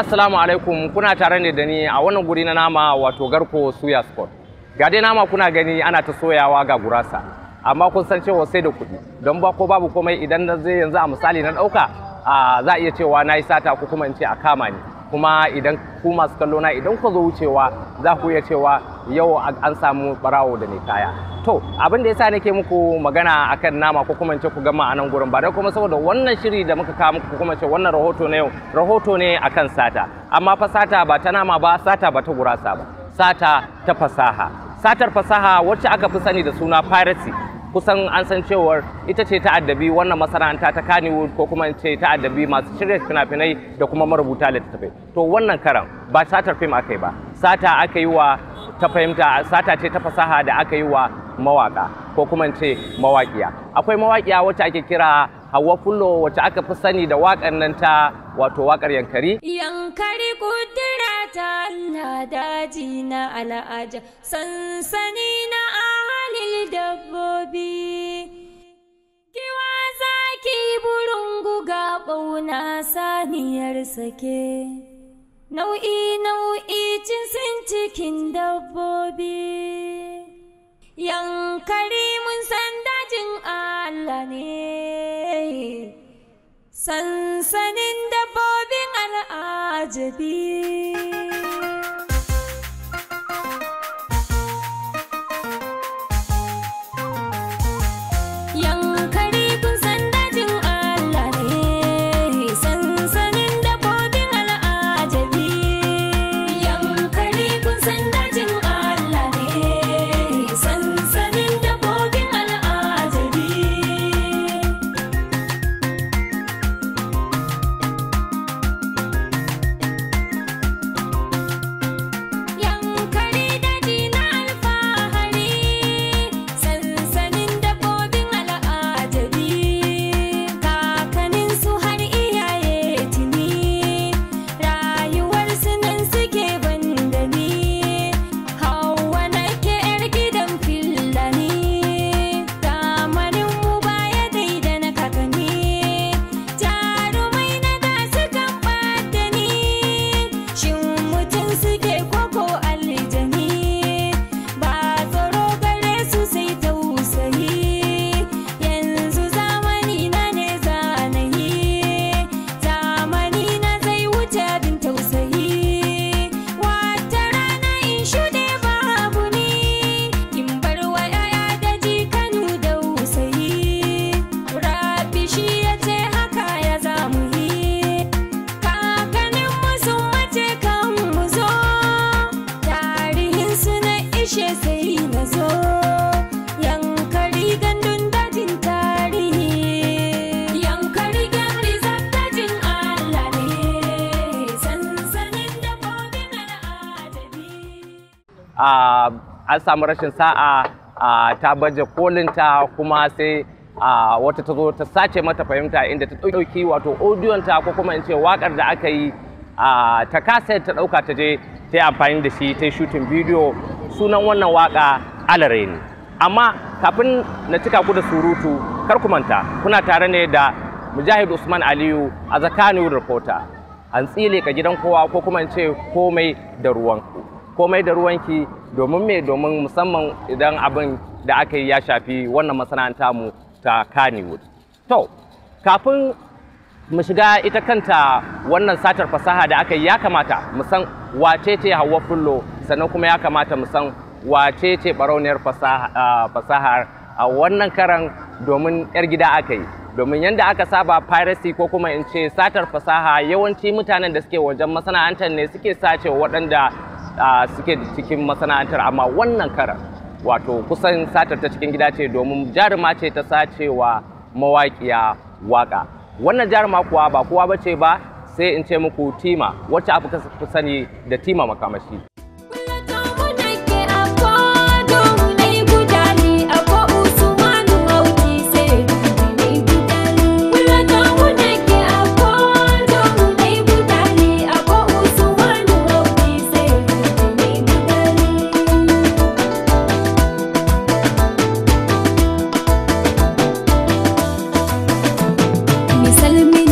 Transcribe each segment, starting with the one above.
assalamu alaikum kuna tare ne da ni a wannan guri na nama wato garko suya sport ga dai nama kuna gani ana ta soyawa ga gurasa amma kun san cewa sai da kuɗi don ba ko babu komai idan na zai yanzu a misali na ɗauka za a iya cewa na yi sata ko kuma in ce a kama ni kuma idan ku masu kallo na idan ku zo wucewa za ku iya cewa yau an samu barawo da mai kaya to abin da yasa nake muku magana akan nama ko kuma in ce ku gama a nan gurin ba dai kuma saboda wannan shiri da muka kawo muku kuma ce wannan rahoto na yau rahoto ne akan sata amma fa sata ba ta nama ba sata ba ta gurasa ba sata ta fasaha satar fasaha wacce aka fi sani da suna piracy kusan an san cewar ita ce ta addabi wannan masana'anta ta Kannywood ko kuma ce ta addabi masu shirya fina-finai da kuma marubuta littattafai to wannan karan ba satar fim aka yi ba sata aka yi wa ta fahimta sata ce ta fasaha da aka yi wa mawaka ko kuma ce mawakiya akwai mawaƙiya wacce ake kira Hauwa fullo wacce aka fi sani da waƙar nan ta wato waƙar yankari yankari kudura ta Allah daji na al'aja sansani na ahalil dabbobi kiwa zaki burungu ga ɓauna saniyar sake nau'i nau'i jinsin cikin dabbobi yankari mun san dajin Allah ne sansanin dabbobin al'ajabi samu rashin sa'a ta baje kolinta kuma sai wata ta zo ta sace mata fahimta inda ta ɗauki wato ta ko kuma in ce wakar da aka yi ta kasa ta ɗauka ta je ta yi amfani da shi ta yi shooting bidiyo sunan wannan waka alare amma kafin na cika ku da surutu kar ku manta kuna tare ne da mujahid usman aliyu a zakaniyu reporter an tsile ka gidan kowa ko kuma in ce komai da ruwanku komai da ruwanki domin me domin musamman idan abin da aka yi ya shafi wannan masana'anta mu ta Kannywood. To, kafin mu shiga ita kanta wannan satar fasaha da aka yi ya kamata mu san wace ce Hauwa Fullo sannan kuma ya kamata mu san wace ce barauniyar fasahar a wannan karan domin 'yar gida aka yi. domin yadda aka saba piracy ko kuma in ce satar fasaha yawanci mutanen da suke wajen masana'antar ne suke sace waɗanda suke cikin masana'antar amma wannan karar wato kusan satar ta cikin gida ce domin jaruma ce ta sacewa mawaƙiya waƙa wannan jaruma kuwa ba kowa bace ba sai in ce muku tima wacce aka sani da tima makamashi musulmi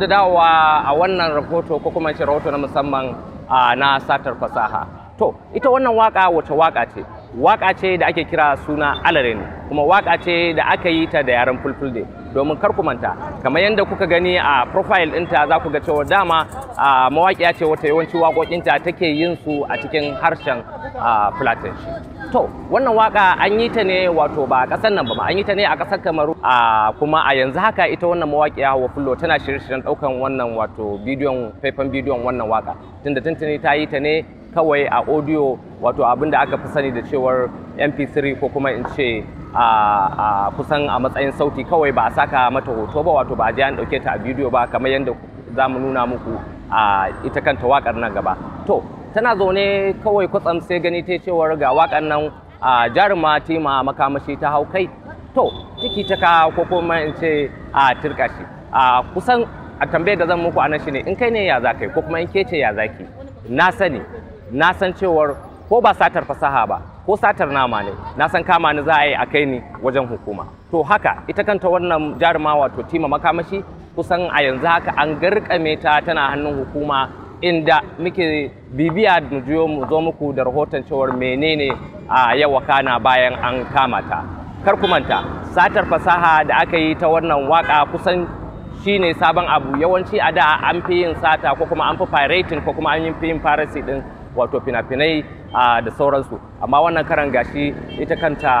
da dawowa a wannan rahoto ko kuma ce rahoto na musamman na satar fasaha to ita wannan waka wata waka ce waka ce da ake kira suna alare kuma waka ce da aka yi ta da yaren fulfulde domin kar ku manta kamar yadda kuka gani a profile ɗinta za ku ga cewa dama mawaƙiya ce wata yawanci waƙoƙinta take yin su a cikin harshen fulatanci To, wannan waka an yi ta ne wato ba a ƙasar nan ba, an yi ta ne a ƙasar Kamaru. A kuma a yanzu haka ita wannan mawaƙiya Hawa Fullo tana shirye-shiryen ɗaukan wannan wato bidiyon faifan bidiyon wannan waka. Tunda tuntuni ta yi ta ne kawai a audio wato abin da aka fi sani da cewar MP3 ko kuma in ce a kusan a matsayin sauti kawai ba a saka mata hoto ba wato ba a je an ɗauke ta a bidiyo ba kamar yadda za mu nuna muku a ita kanta waƙar nan gaba. To, tana zaune kawai kwatsam sai gani ta cewar ga wakan nan a jaruma makamashi ta hau kai to ciki ta ko kuma in ce a turka shi a kusan a tambayar da zan muku anan shine in kai ne ya za ko kuma in ke ce ya za ki na sani na san cewar ko ba satar fasaha ba ko satar nama ne na san kama ni za a yi a kai ni wajen hukuma to haka ita kanta wannan jaruma wato tima makamashi kusan a yanzu haka an garkame ta tana hannun hukuma inda muke bibiya mu juyo mu zo muku da rahoton cewar menene a yau kana bayan an kama ta kar ku manta satar fasaha da aka yi ta wannan waka kusan shine sabon abu yawanci a da an fi yin sata ko kuma an fi pirating ko kuma an yi fi yin piracy din wato fina-finai da sauransu amma wannan karan gashi ita kanta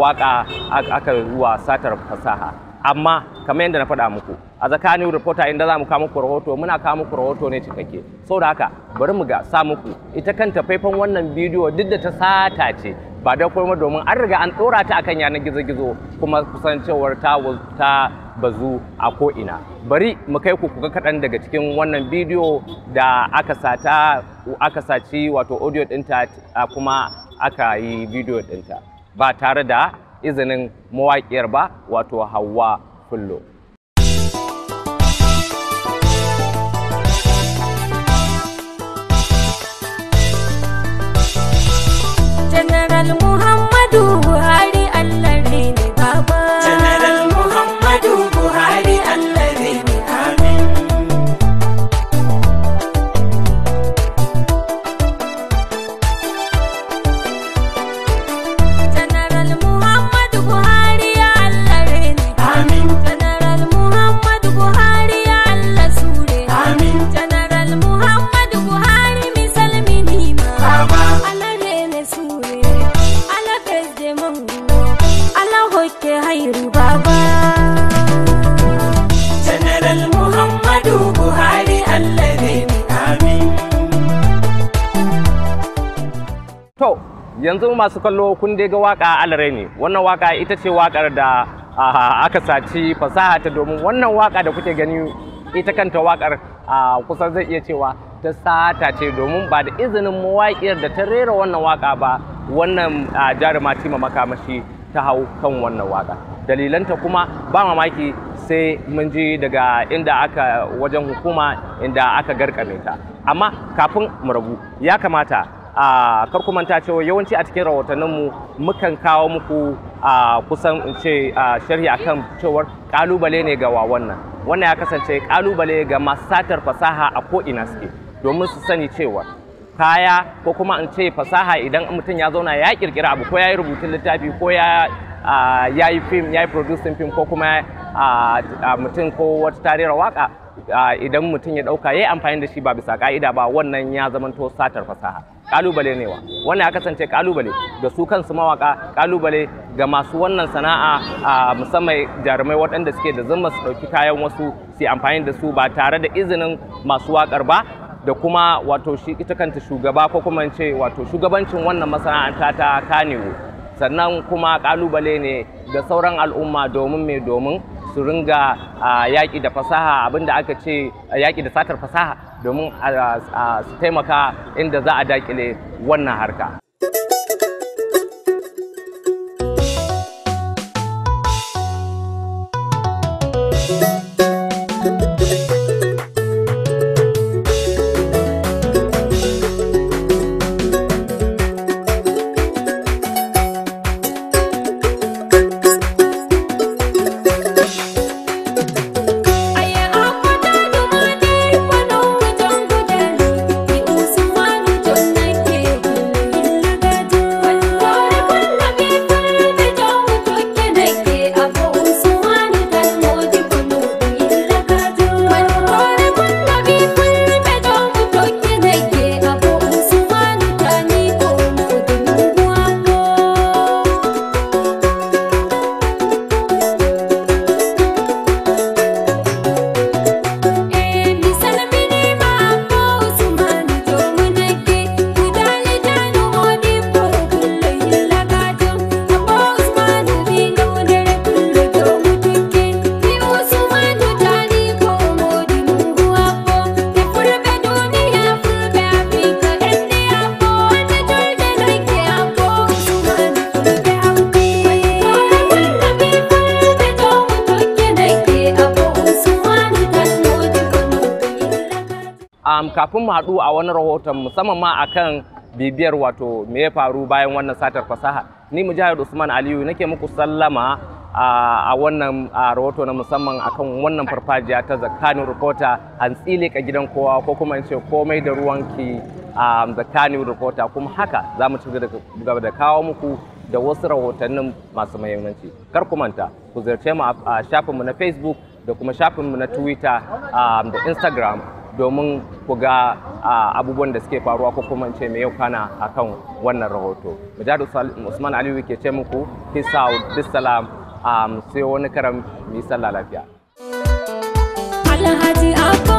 waka aka yi satar fasaha amma kamar yadda na faɗa muku a tsakanin reporter inda za mu kawo muku rahoto muna kawo muku rahoto ne cikakke saboda haka bari mu ga sa muku ita kanta faifan wannan bidiyo duk da ta sata ce ba da kuma domin an riga an tsorata ta akan yanar gizo-gizo kuma kusancewar ta ta bazu a ko ina bari mu kai ku kuka kaɗan daga cikin wannan bidiyo da aka sata aka saci wato audio ɗinta kuma aka yi bidiyo dinta ba tare da izinin mawaƙiyar ba wato Hauwa kullum. To, yanzu masu kallo kun dai ga waka alare ne. Wannan waka ita ce wakar da aka saci fasaha ta domin wannan waka da kuke gani ita kanta wakar kusan zai iya cewa ta sata ce domin ba da izinin mawaƙiyar da ta rera wannan waka ba wannan jaruma ma makamashi ta hau kan wannan waka. Dalilanta kuma ba mamaki sai mun ji daga inda aka wajen hukuma inda aka garkame ta. Amma kafin mu rabu ya kamata a kar manta cewa yawanci a cikin rahotannin mu mukan kawo muku a kusan in ce sharhi akan cewar kalubale ne ga wannan wannan ya kasance kalubale ga masu satar fasaha a ko'ina ina suke domin su sani cewa kaya ko kuma in ce fasaha idan mutum ya zauna ya kirkira abu ko ya yi rubutun littafi ko ya ya yi fim ya yi producing fim ko kuma mutum ko wata tarirar waka idan mutum ya dauka ya yi amfani da shi ba bisa ka'ida ba wannan ya zamanto satar fasaha kalubale ne wa wannan ya kasance kalubale ga su kansu mawaka kalubale ga masu wannan sana'a a musamman jarumai waɗanda suke da zama su ɗauki kayan wasu su amfani da su ba tare da izinin masu waƙar ba da kuma wato shi ita kanta shugaba ko kuma ce wato shugabancin wannan masana'anta ta kanewo sannan kuma kalubale ne ga sauran al'umma domin mai domin su ringa yaƙi da fasaha abinda aka ce yaƙi da satar fasaha domin su taimaka inda za a daƙile wannan harka kafin mu haɗu a wani rahoton musamman ma akan bibiyar wato me ya faru bayan wannan satar fasaha ni mu jihar usman aliyu nake muku sallama a wannan rahoto na musamman akan wannan farfajiya ta zakani Rikota an tsile ka gidan kowa ko kuma in ce komai da ruwanki a zakani reporter kuma haka za mu ci gaba da kawo muku da wasu rahotannin masu mahimmanci kar ku manta ku ziyarce mu a shafinmu na facebook da kuma shafinmu na twitter da instagram domin ku ga abubuwan da suke faruwa ko kuma ce mai yau kana kan wannan rahoto mujadu usman aliyu ke ce muku kisa bisalam um, sai wani karam mai lafiya alhaji